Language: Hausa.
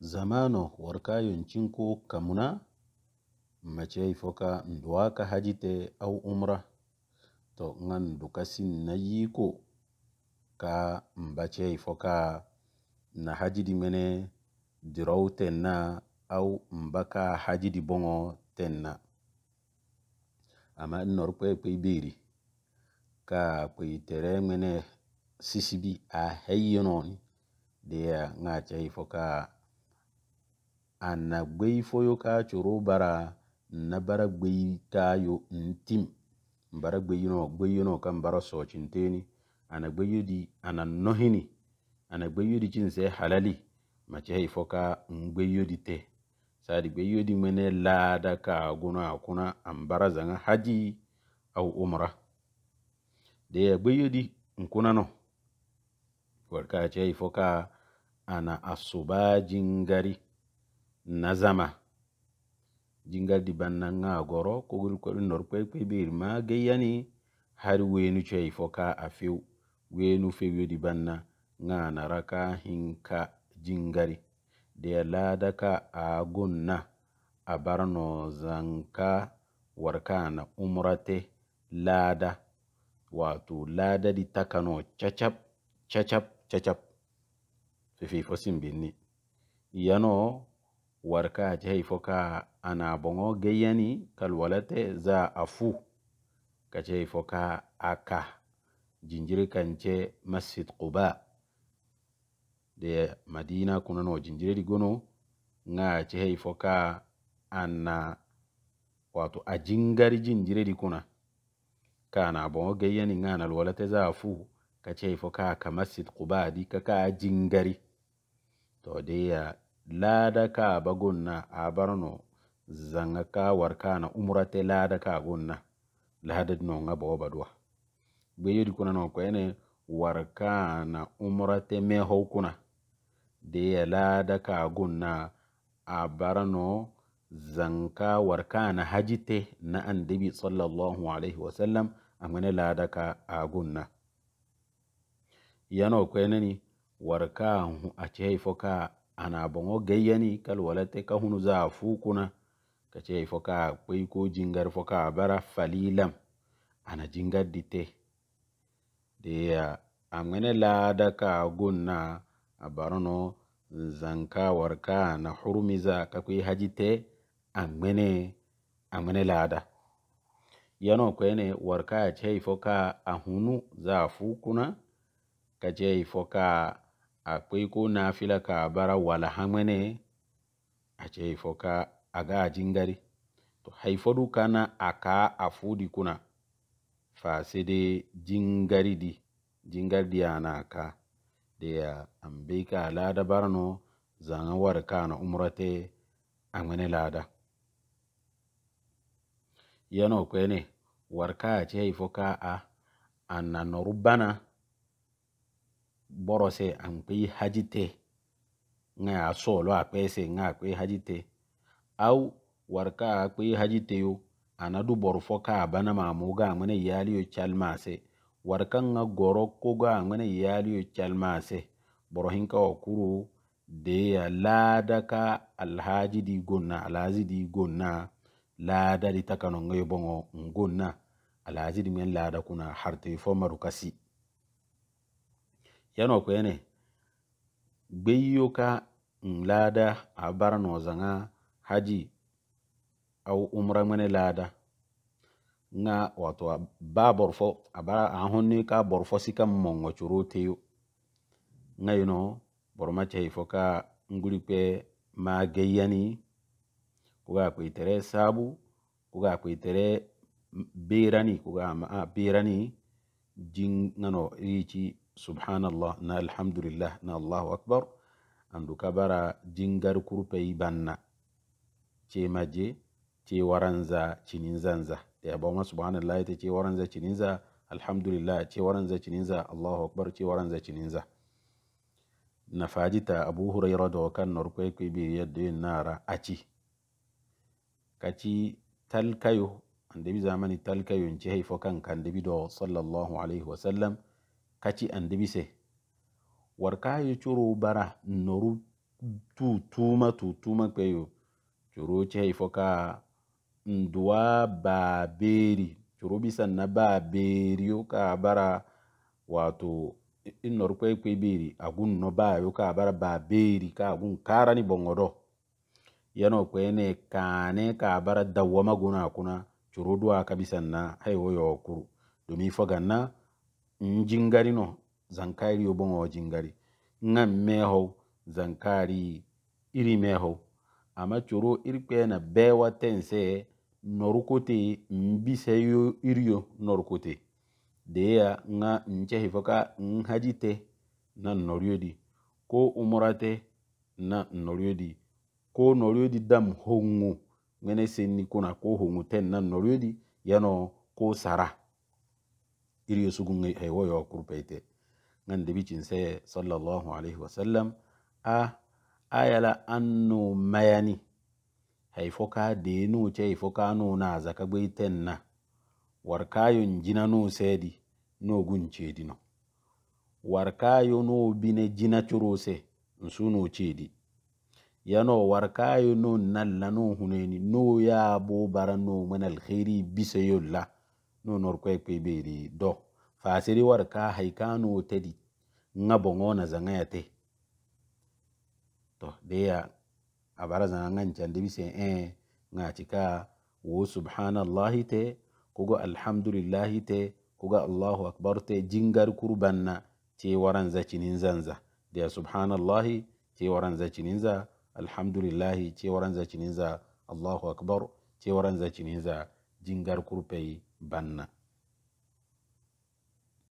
Zamano ko kamuna mace foka nduwaka hajite au umra to ngan dukasin na yiko ka mbace foka na hajidi mene diraw tenna au mbaka hajidi bongo tenna. Amma nnor kwe kwe biri, ka kwe tere mene sisibi a heyyononi daya nga chei foka na gbei foyo ka coro bara na bara gbei tayo ntim bara gbei no gbei no kan bara so cinteni ana gbei di ana nohini ana gbei di cin sai halali mace ka foka gbei di te sadi gbei di mene lada ka guna kuna an bara zanga haji au umra da ya gbei di nkuna no warka ce hay ka ana asubajin gari nazama jingal di banna ngagoro kogol ko ɗum norkoykoy ɓeri ma geyyani har weenu coy fo ka a few weenu fewyodi banna ganara ka hinka jingari de laada ka a gonna a barno zanka warkana umrate laada wato laada di takano cacap cacap cacap fefeyfo simbinni yano warka jai foka ana bongo geyani kalwalate za afu ka jai foka aka jinjiri kance masjid quba de madina kunano jinjiri gono nga jai foka na wato a jingari jinjiri dikuna na bongo geyani nga nalwalate za afu ka jai foka ka masjid quba di a jingari to de ya laada kaa ba gonna a barno zaŋa ka war kaana umurate laada kaa gonna laada noŋa booba duwa gbe yodi kuna no ko ene war kaana umurate meho kuna deya laada kaa gonna a barno zaŋka war kaana hajite na andebi sallallahu alaihi wasallam a ŋene laada ka a gonna yano ko eneni war kaa a chehe fo kaa ana bongo gayani kal walate ka hunu za fukuna kace ifo ka kwai ko jingar fo ka bara falilam ana jingar dite de amene da ka gonna abarono zanka warka na hurumiza ka kwai hajite amene amene lada yano ne warka ce ifo ka hunu za fukuna kace ifo ka akwai ko na fila ka bara wala hamane a ce ifo ka a ga a jingari to duka kana a ka a fudi kuna fa sai dai jingari di jingar di ana ka da ya ambe ka lada barno zanga war ka na umrate a wani lada yana kwene warka a ce haifo ka a annan borose ankpei hajite nga a solo akpese nga akpei hajite au war ka akpei hajite yo ana du boru fo ka bana ma muga ngene yali yo chalmase war ka nga goro ko ga ngene yali yo chalmase boro hinka okuru de ya lada ka alhaji di gonna alazi di gonna lada di takano ngoyo bongo ngonna alazi di men lada kuna harte fo marukasi kasi ne gbeyiyoka lada a bar nozanga haji au umra ŋmene lada ŋa wato ba borfo abara ahunni ka borfo sika mongo curo teyo ŋa yino boroma cehi fo ka nguri kpe ma geyani kuga kwe tere sabu kuga kwe tere berani kuga ma berani jin ŋano ci. subhanallah na alhamdulillah na allahu akbar andu kabara jingar kurpei banna ce maje ce waranza cininzanza da ya bauma subhanallah ta ce waranza cininza alhamdulillah ce waranza cininza allahu akbar ce waranza cininza na fajita abu huraira da wakan norkwai kwai bi yadda yin nara aci kaci talkayo andabi zamani talkayo in ci haifo kan kan dabi da sallallahu alaihi wasallam kaci andibise warkayi curo bara noru tutuma tutuma kpeyo curo cei foka nduwa baberi curo bisa na baberiyo ka bara wato inor kwe kwe beri agun no yo ka bara baberi ka agun ni bongodo yano kwe ne kane ka bara dawama guna kuna curo duwa ka bisa na haiwo yokuru domin fogan na njingari no zankari obongo jingari nga meho zankari iri meho ama choro irikpe na bewa tense norukote mbise yo iriyo norukote deya nga nche hifoka nhajite na noriodi ko umorate na noriodi ko noriodi dam hongu ngene senni kuna ko hongu ten na noriodi yano ko sara iriyo sugungai ay woyo kurpayte ngan debi cinse sallallahu alaihi wasallam a ayala annu mayani hay foka denu ce hay foka nuna zaka gbeiten na warkayon jina no sedi no guncedi no kayo no bine jina curose nsuno cedi yano warkayo no nalla no huneni no ya bo bara no manal khairi bisayolla no nor kwe kwe beri do fasiri war ka haikano tedi nga bongo na zanga ya te to ya abara zanga nga nchande bise eh nga chika wo subhanallahi te kugo alhamdulillahi te kuga allahu akbar te jingar kurbanna ce waran zacinin zanza deya subhanallahi ce waran zacinin za alhamdulillahi ce waran zacinin za allahu akbar ce waran zacinin za jingar kurpei بنا